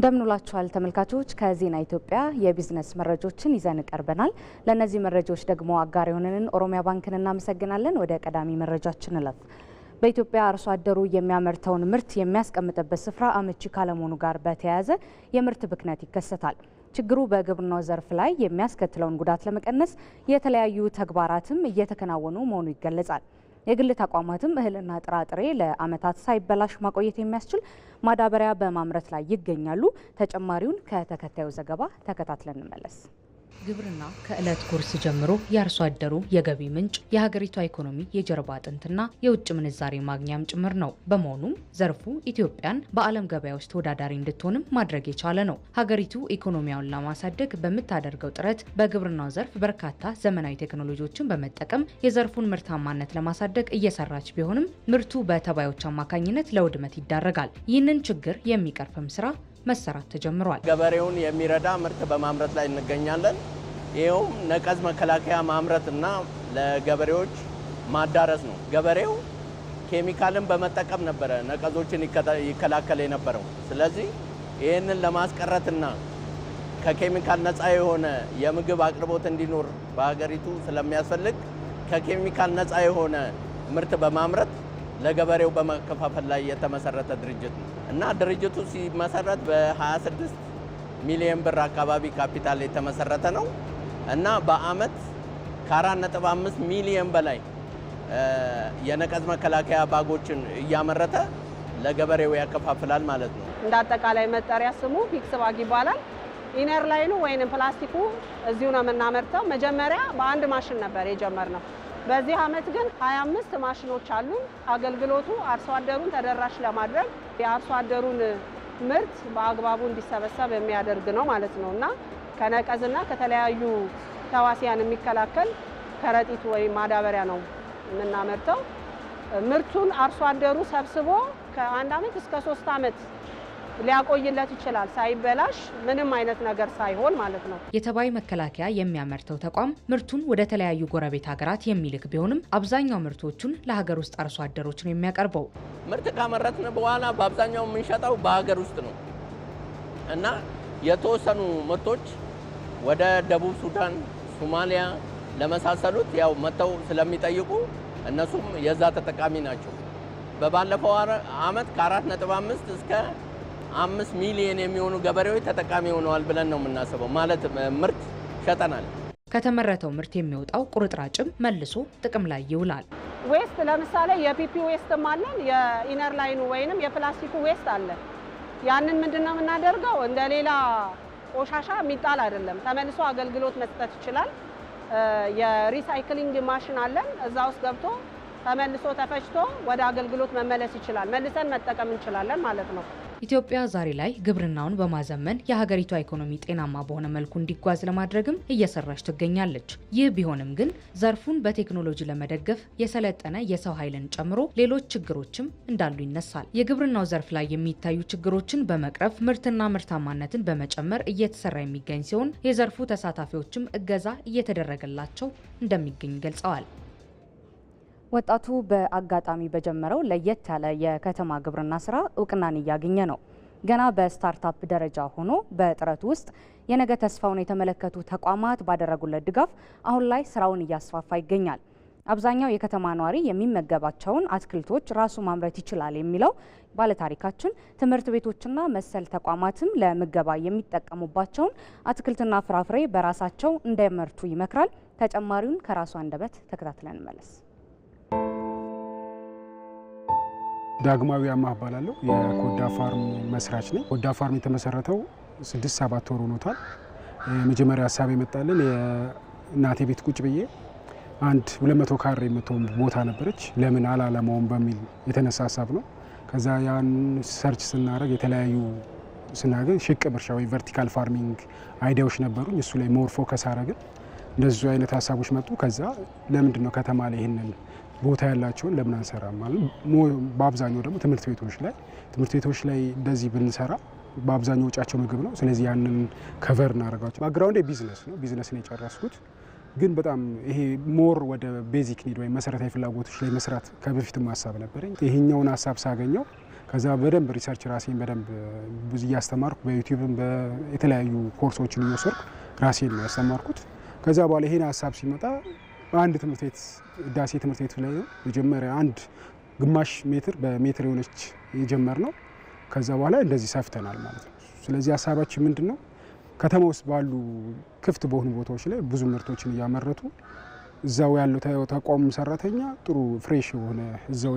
እንደምንውላችኋል ተመልካቾች፣ ከዜና ኢትዮጵያ የቢዝነስ መረጃዎችን ይዘን ቀርበናል። ለእነዚህ መረጃዎች ደግሞ አጋር የሆነንን ኦሮሚያ ባንክን እናመሰግናለን። ወደ ቀዳሚ መረጃችን እለፍ። በኢትዮጵያ አርሶ አደሩ የሚያመርተውን ምርት የሚያስቀምጥበት ስፍራ አመቺ ካለመሆኑ ጋር በተያያዘ የምርት ብክነት ይከሰታል። ችግሩ በግብርናው ዘርፍ ላይ የሚያስከትለውን ጉዳት ለመቀነስ የተለያዩ ተግባራትም እየተከናወኑ መሆኑ ይገለጻል። የግል ተቋማትም እህልና ጥራጥሬ ለአመታት ሳይበላሽ ማቆየት የሚያስችል ማዳበሪያ በማምረት ላይ ይገኛሉ። ተጨማሪውን ከተከታዩ ዘገባ ተከታትለን እንመለስ። ግብርና ከዕለት ጉርስ ጀምሮ የአርሶ አደሩ የገቢ ምንጭ፣ የሀገሪቷ ኢኮኖሚ የጀርባ አጥንትና የውጭ ምንዛሬ ማግኛም ጭምር ነው። በመሆኑም ዘርፉ ኢትዮጵያን በዓለም ገበያ ውስጥ ተወዳዳሪ እንድትሆንም ማድረግ የቻለ ነው። ሀገሪቱ ኢኮኖሚያውን ለማሳደግ በምታደርገው ጥረት በግብርናው ዘርፍ በርካታ ዘመናዊ ቴክኖሎጂዎችን በመጠቀም የዘርፉን ምርታማነት ለማሳደግ እየሰራች ቢሆንም ምርቱ በተባዮች አማካኝነት ለውድመት ይዳረጋል። ይህንን ችግር የሚቀርፍም ስራ መሰራት ተጀምሯል። ገበሬውን የሚረዳ ምርት በማምረት ላይ እንገኛለን። ይኸውም ነቀዝ መከላከያ ማምረት እና ለገበሬዎች ማዳረስ ነው። ገበሬው ኬሚካልን በመጠቀም ነበረ ነቀዞችን ይከላከል የነበረው። ስለዚህ ይህንን ለማስቀረትና ከኬሚካል ነፃ የሆነ የምግብ አቅርቦት እንዲኖር በሀገሪቱ ስለሚያስፈልግ ከኬሚካል ነፃ የሆነ ምርት በማምረት ለገበሬው በመከፋፈል ላይ የተመሰረተ ድርጅት ነው እና ድርጅቱ ሲመሰረት በ26 ሚሊዮን ብር አካባቢ ካፒታል የተመሰረተ ነው እና በአመት ከ4.5 ሚሊዮን በላይ የነቀዝ መከላከያ ባጎችን እያመረተ ለገበሬው ያከፋፍላል ማለት ነው። እንደ አጠቃላይ መጠሪያ ስሙ ፊክስ ባግ ይባላል። ኢነር ላይኑ ወይንም ፕላስቲኩ እዚሁ ነው የምናመርተው። መጀመሪያ በአንድ ማሽን ነበር የጀመርነው። በዚህ ዓመት ግን 25 ማሽኖች አሉ። አገልግሎቱ አርሶ አደሩን ተደራሽ ለማድረግ የአርሶ አደሩን ምርት በአግባቡ እንዲሰበሰብ የሚያደርግ ነው ማለት ነው እና ከነቀዝና ከተለያዩ ተዋሲያን የሚከላከል ከረጢት ወይም ማዳበሪያ ነው የምናመርተው። ምርቱን አርሶ አደሩ ሰብስቦ ከአንድ ዓመት እስከ ሶስት ዓመት ሊያቆይለት ይችላል ሳይበላሽ ምንም አይነት ነገር ሳይሆን ማለት ነው። የተባይ መከላከያ የሚያመርተው ተቋም ምርቱን ወደ ተለያዩ ጎረቤት ሀገራት የሚልክ ቢሆንም አብዛኛው ምርቶቹን ለሀገር ውስጥ አርሶ አደሮች ነው የሚያቀርበው። ምርት ካመረትን በኋላ በአብዛኛው የምንሸጠው በሀገር ውስጥ ነው እና የተወሰኑ ምርቶች ወደ ደቡብ ሱዳን፣ ሶማሊያ ለመሳሰሉት ያው መጥተው ስለሚጠይቁ እነሱም የዛ ተጠቃሚ ናቸው። በባለፈው አመት ከ4.5 እስከ አምስት ሚሊዮን የሚሆኑ ገበሬዎች ተጠቃሚ ሆነዋል ብለን ነው የምናስበው። ማለት ምርት ሸጠናል። ከተመረተው ምርት የሚወጣው ቁርጥራጭም መልሶ ጥቅም ላይ ይውላል። ዌስት ለምሳሌ የፒፒ ዌስትም አለን። የኢነር ላይኑ ወይንም የፕላስቲኩ ዌስት አለ። ያንን ምንድን ነው የምናደርገው? እንደ ሌላ ቆሻሻ የሚጣል አይደለም። ተመልሶ አገልግሎት መስጠት ይችላል። የሪሳይክሊንግ ማሽን አለን። እዛ ውስጥ ገብቶ ተመልሶ ተፈጭቶ ወደ አገልግሎት መመለስ ይችላል። መልሰን መጠቀም እንችላለን ማለት ነው። ኢትዮጵያ ዛሬ ላይ ግብርናውን በማዘመን የሀገሪቷ ኢኮኖሚ ጤናማ በሆነ መልኩ እንዲጓዝ ለማድረግም እየሰራች ትገኛለች። ይህ ቢሆንም ግን ዘርፉን በቴክኖሎጂ ለመደገፍ የሰለጠነ የሰው ኃይልን ጨምሮ ሌሎች ችግሮችም እንዳሉ ይነሳል። የግብርናው ዘርፍ ላይ የሚታዩ ችግሮችን በመቅረፍ ምርትና ምርታማነትን በመጨመር እየተሰራ የሚገኝ ሲሆን የዘርፉ ተሳታፊዎችም እገዛ እየተደረገላቸው እንደሚገኝ ገልጸዋል። ወጣቱ በአጋጣሚ በጀመረው ለየት ያለ የከተማ ግብርና ስራ እውቅናን እያገኘ ነው። ገና በስታርታፕ ደረጃ ሆኖ በጥረቱ ውስጥ የነገ ተስፋውን የተመለከቱ ተቋማት ባደረጉለት ድጋፍ አሁን ላይ ስራውን እያስፋፋ ይገኛል። አብዛኛው የከተማ ነዋሪ የሚመገባቸውን አትክልቶች ራሱ ማምረት ይችላል የሚለው ባለታሪካችን ትምህርት ቤቶችና መሰል ተቋማትም ለምገባ የሚጠቀሙባቸውን አትክልትና ፍራፍሬ በራሳቸው እንዳይመርቱ ይመክራል። ተጨማሪውን ከራሱ አንደበት ተከታትለን መለስ ዳግማዊ አማ እባላለሁ። የኮዳ ፋርም መስራች ነኝ። ኮዳ ፋርም የተመሰረተው ስድስት ሰባት ወር ሆኖታል። የመጀመሪያ ሀሳብ የመጣልን የእናቴ ቤት ቁጭ ብዬ አንድ 200 ካሬ የምትሆን ቦታ ነበረች፣ ለምን አላለማውም በሚል የተነሳ ሀሳብ ነው። ከዛ ያን ሰርች ስናደረግ የተለያዩ ስናገኝ ሽቅ ብርሻ ወይ ቨርቲካል ፋርሚንግ አይዲያዎች ነበሩኝ። እሱ ላይ ሞር ፎከስ አረግን። አይነት ሀሳቦች መጡ። ከዛ ለምንድን ነው ከተማ ላይ ይህንን ቦታ ያላቸውን ለምን አንሰራም አለ። በአብዛኛው ደግሞ ትምህርት ቤቶች ላይ ትምህርት ቤቶች ላይ እንደዚህ ብንሰራ በአብዛኛው ውጫቸው ምግብ ነው። ስለዚህ ያንን ከቨር እናደርጋቸው። ባግራውንድ ቢዝነስ ነው፣ ቢዝነስ ነው የጨረስኩት። ግን በጣም ይሄ ሞር ወደ ቤዚክ ኒድ ወይም መሰረታዊ ፍላጎቶች ላይ መስራት ከበፊትም ሀሳብ ነበረኝ። ይሄኛውን ሀሳብ ሳገኘው ከዛ በደንብ ሪሰርች ራሴን በደንብ ብዙ እያስተማርኩ በዩቲዩብም የተለያዩ ኮርሶችን እየወሰድኩ ራሴን ነው ያስተማርኩት። ከዛ በኋላ ይሄን ሀሳብ ሲመጣ አንድ ትምህርት ቤት ህዳሴ ትምህርት ቤት ላይ መጀመሪያ አንድ ግማሽ ሜትር በሜትር የሆነች የጀመር ነው። ከዛ በኋላ እንደዚህ ሰፍተናል ማለት ነው። ስለዚህ ሀሳባችን ምንድን ነው? ከተማ ውስጥ ባሉ ክፍት በሆኑ ቦታዎች ላይ ብዙ ምርቶችን እያመረቱ እዛው ያለው ተቋሙ ሰራተኛ ጥሩ ፍሬሽ የሆነ እዛው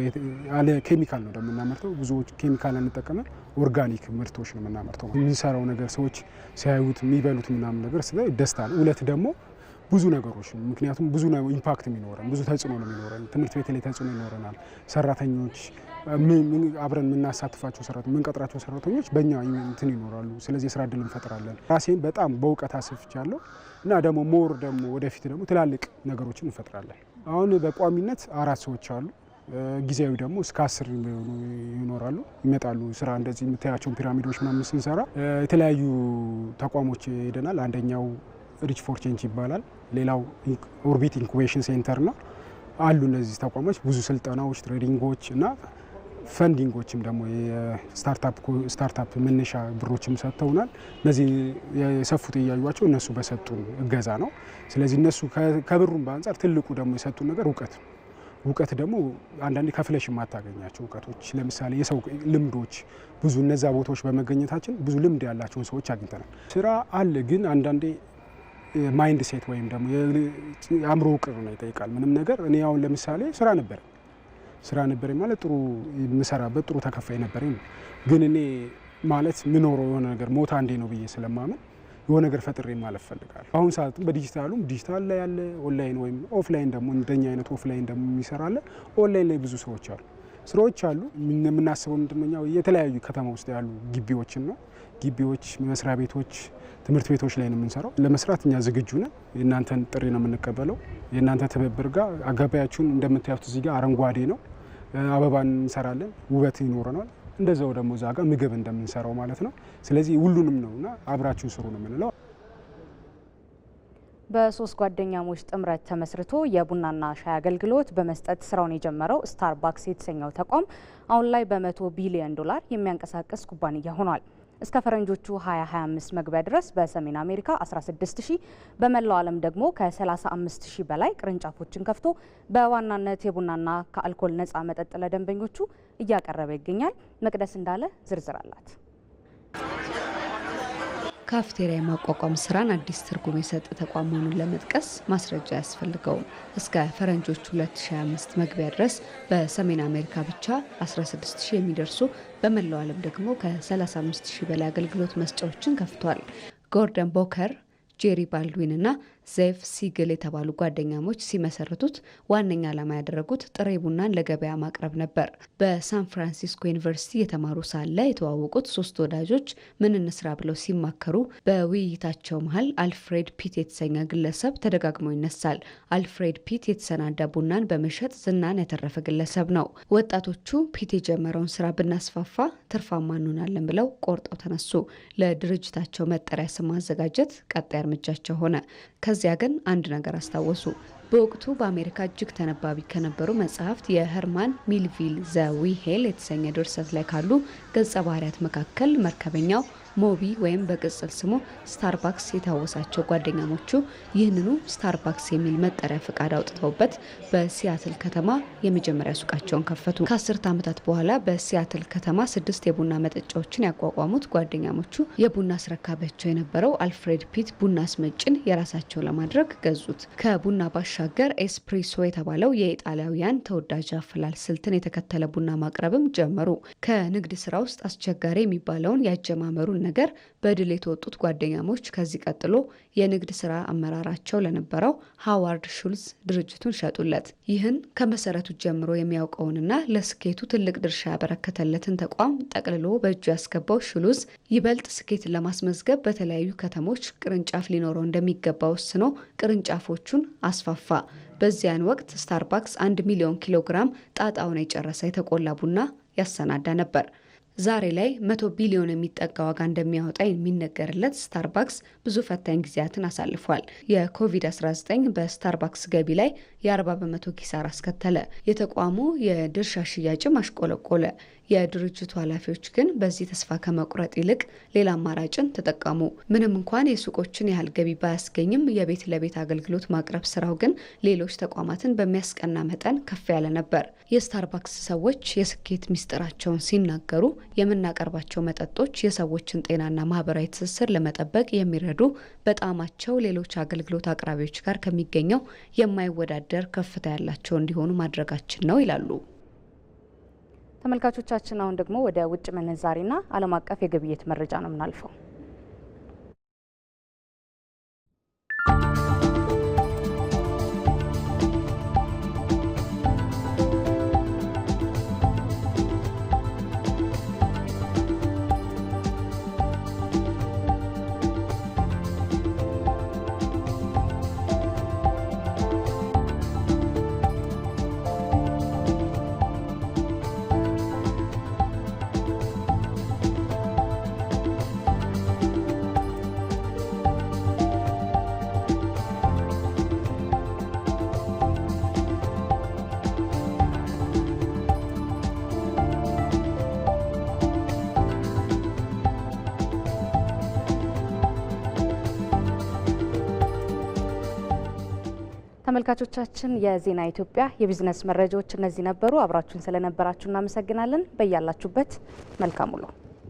ያለ ኬሚካል ነው የምናመርተው። ብዙ ኬሚካል አንጠቀመ፣ ኦርጋኒክ ምርቶች ነው የምናመርተው። የምንሰራው ነገር ሰዎች ሲያዩት የሚበሉት ምናምን ነገር ስለ ደስታ ነው። ሁለት ደግሞ ብዙ ነገሮች ምክንያቱም ብዙ ኢምፓክት የሚኖረን ብዙ ተጽዕኖ ነው የሚኖረን። ትምህርት ቤት ላይ ተጽዕኖ ይኖረናል። ሰራተኞች አብረን የምናሳትፋቸው ሰራ የምንቀጥራቸው ሰራተኞች በእኛ እንትን ይኖራሉ። ስለዚህ የስራ እድል እንፈጥራለን። ራሴን በጣም በእውቀት አስፍቻለሁ እና ደግሞ ሞር ደግሞ ወደፊት ደግሞ ትላልቅ ነገሮችን እንፈጥራለን። አሁን በቋሚነት አራት ሰዎች አሉ። ጊዜያዊ ደግሞ እስከ አስር የሚሆኑ ይኖራሉ፣ ይመጣሉ። ስራ እንደዚህ የምታያቸውን ፒራሚዶች ምናምን ስንሰራ የተለያዩ ተቋሞች ሄደናል። አንደኛው ሪች ፎር ቼንጅ ይባላል። ሌላው ኦርቢት ኢንኩቤሽን ሴንተር ነው አሉ። እነዚህ ተቋሞች ብዙ ስልጠናዎች፣ ትሬዲንጎች እና ፈንዲንጎችም ደግሞ ስታርታፕ መነሻ ብሮችም ሰጥተውናል። እነዚህ የሰፉት እያዩቸው እነሱ በሰጡን እገዛ ነው። ስለዚህ እነሱ ከብሩም በአንጻር ትልቁ ደግሞ የሰጡን ነገር እውቀት እውቀት ደግሞ አንዳንዴ ከፍለሽ የማታገኛቸው እውቀቶች፣ ለምሳሌ የሰው ልምዶች ብዙ እነዛ ቦታዎች በመገኘታችን ብዙ ልምድ ያላቸውን ሰዎች አግኝተናል። ስራ አለ ግን አንዳንዴ ማይንድ ሴት ወይም ደግሞ የአእምሮ ውቅር ነው ይጠይቃል። ምንም ነገር እኔ አሁን ለምሳሌ ስራ ነበር ስራ ነበር ማለት ጥሩ የምሰራበት ጥሩ ተከፋይ ነበረኝ። ግን እኔ ማለት ምኖረው የሆነ ነገር ሞታ እንዴ ነው ብዬ ስለማምን የሆነ ነገር ፈጥሬ ማለፍ ፈልጋለሁ። አሁን ሰዓት በዲጂታሉም ዲጂታል ላይ ያለ ኦንላይን ወይም ኦፍላይን ደግሞ እንደኛ አይነት ኦፍላይን ደግሞ የሚሰራለ ኦንላይን ላይ ብዙ ሰዎች አሉ። ስራዎች አሉ። የምናስበው ምንድነው የተለያዩ ከተማ ውስጥ ያሉ ግቢዎችን ነው። ግቢዎች፣ መስሪያ ቤቶች፣ ትምህርት ቤቶች ላይ ነው የምንሰራው። ለመስራት እኛ ዝግጁ ነን። የእናንተን ጥሪ ነው የምንቀበለው። የእናንተ ትብብር ጋር አጋባያችሁን እንደምታዩት እዚህ ጋር አረንጓዴ ነው፣ አበባን እንሰራለን፣ ውበት ይኖረናል። እንደዛው ደግሞ እዛ ጋር ምግብ እንደምንሰራው ማለት ነው። ስለዚህ ሁሉንም ነው እና አብራችሁ ስሩ ነው የምንለው። በሶስት ጓደኛሞች ጥምረት ተመስርቶ የቡናና ሻይ አገልግሎት በመስጠት ስራውን የጀመረው ስታርባክስ የተሰኘው ተቋም አሁን ላይ በመቶ ቢሊዮን ዶላር የሚያንቀሳቅስ ኩባንያ ሆኗል። እስከ ፈረንጆቹ 2025 መግቢያ ድረስ በሰሜን አሜሪካ 16 ሺህ በመላው ዓለም ደግሞ ከ35 ሺህ በላይ ቅርንጫፎችን ከፍቶ በዋናነት የቡናና ከአልኮል ነፃ መጠጥ ለደንበኞቹ እያቀረበ ይገኛል። መቅደስ እንዳለ ዝርዝር አላት። ካፍቴሪያ የማቋቋም ስራን አዲስ ትርጉም የሰጠ ተቋም መሆኑን ለመጥቀስ ማስረጃ አያስፈልገውም። እስከ ፈረንጆች 2025 መግቢያ ድረስ በሰሜን አሜሪካ ብቻ 16000 የሚደርሱ በመላው ዓለም ደግሞ ከ35000 በላይ አገልግሎት መስጫዎችን ከፍቷል። ጎርደን ቦከር፣ ጄሪ ባልድዊን እና ዜፍ ሲግል የተባሉ ጓደኛሞች ሲመሰርቱት ዋነኛ ዓላማ ያደረጉት ጥሬ ቡናን ለገበያ ማቅረብ ነበር። በሳን ፍራንሲስኮ ዩኒቨርሲቲ የተማሩ ሳለ የተዋወቁት ሶስት ወዳጆች ምን እንስራ ብለው ሲማከሩ በውይይታቸው መሀል አልፍሬድ ፒት የተሰኘ ግለሰብ ተደጋግሞ ይነሳል። አልፍሬድ ፒት የተሰናዳ ቡናን በመሸጥ ዝናን ያተረፈ ግለሰብ ነው። ወጣቶቹ ፒት የጀመረውን ስራ ብናስፋፋ ትርፋማ እንሆናለን ብለው ቆርጠው ተነሱ። ለድርጅታቸው መጠሪያ ስም ማዘጋጀት ቀጣይ እርምጃቸው ሆነ። በዚያ ግን አንድ ነገር አስታወሱ። በወቅቱ በአሜሪካ እጅግ ተነባቢ ከነበሩ መጽሐፍት የህርማን ሚልቪል ዘ ዊሄል የተሰኘ ድርሰት ላይ ካሉ ገጸ ባህሪያት መካከል መርከበኛው ሞቢ ወይም በቅጽል ስሙ ስታርባክስ የታወሳቸው ጓደኛሞቹ ይህንኑ ስታርባክስ የሚል መጠሪያ ፍቃድ አውጥተውበት በሲያትል ከተማ የመጀመሪያ ሱቃቸውን ከፈቱ። ከአስርት ዓመታት በኋላ በሲያትል ከተማ ስድስት የቡና መጠጫዎችን ያቋቋሙት ጓደኛሞቹ የቡና አስረካቢያቸው የነበረው አልፍሬድ ፒት ቡና አስመጭን የራሳቸው ለማድረግ ገዙት። ከቡና ባሻገር ኤስፕሬሶ የተባለው የኢጣሊያውያን ተወዳጅ አፈላል ስልትን የተከተለ ቡና ማቅረብም ጀመሩ። ከንግድ ስራ ውስጥ አስቸጋሪ የሚባለውን ያጀማመሩ ነገር በድል የተወጡት ጓደኛሞች ከዚህ ቀጥሎ የንግድ ሥራ አመራራቸው ለነበረው ሃዋርድ ሹልዝ ድርጅቱን ሸጡለት። ይህን ከመሰረቱ ጀምሮ የሚያውቀውንና ለስኬቱ ትልቅ ድርሻ ያበረከተለትን ተቋም ጠቅልሎ በእጁ ያስገባው ሹሉዝ ይበልጥ ስኬትን ለማስመዝገብ በተለያዩ ከተሞች ቅርንጫፍ ሊኖረው እንደሚገባ ወስኖ ቅርንጫፎቹን አስፋፋ። በዚያን ወቅት ስታርባክስ አንድ ሚሊዮን ኪሎ ግራም ጣጣውን የጨረሰ የተቆላ ቡና ያሰናዳ ነበር። ዛሬ ላይ መቶ ቢሊዮን የሚጠጋ ዋጋ እንደሚያወጣ የሚነገርለት ስታርባክስ ብዙ ፈታኝ ጊዜያትን አሳልፏል። የኮቪድ-19 በስታርባክስ ገቢ ላይ የ40 በመቶ ኪሳራ አስከተለ። የተቋሙ የድርሻ ሽያጭም አሽቆለቆለ። የድርጅቱ ኃላፊዎች ግን በዚህ ተስፋ ከመቁረጥ ይልቅ ሌላ አማራጭን ተጠቀሙ። ምንም እንኳን የሱቆችን ያህል ገቢ ባያስገኝም የቤት ለቤት አገልግሎት ማቅረብ ስራው ግን ሌሎች ተቋማትን በሚያስቀና መጠን ከፍ ያለ ነበር። የስታርባክስ ሰዎች የስኬት ሚስጥራቸውን ሲናገሩ የምናቀርባቸው መጠጦች የሰዎችን ጤናና ማህበራዊ ትስስር ለመጠበቅ የሚረዱ በጣዕማቸው ሌሎች አገልግሎት አቅራቢዎች ጋር ከሚገኘው የማይወዳደር ከፍታ ያላቸው እንዲሆኑ ማድረጋችን ነው ይላሉ። ተመልካቾቻችን አሁን ደግሞ ወደ ውጭ ምንዛሪና ዓለም አቀፍ የግብይት መረጃ ነው የምናልፈው። ተመልካቾቻችን የዜና ኢትዮጵያ የቢዝነስ መረጃዎች እነዚህ ነበሩ። አብራችሁን ስለነበራችሁ እናመሰግናለን። በያላችሁበት መልካም ውሎ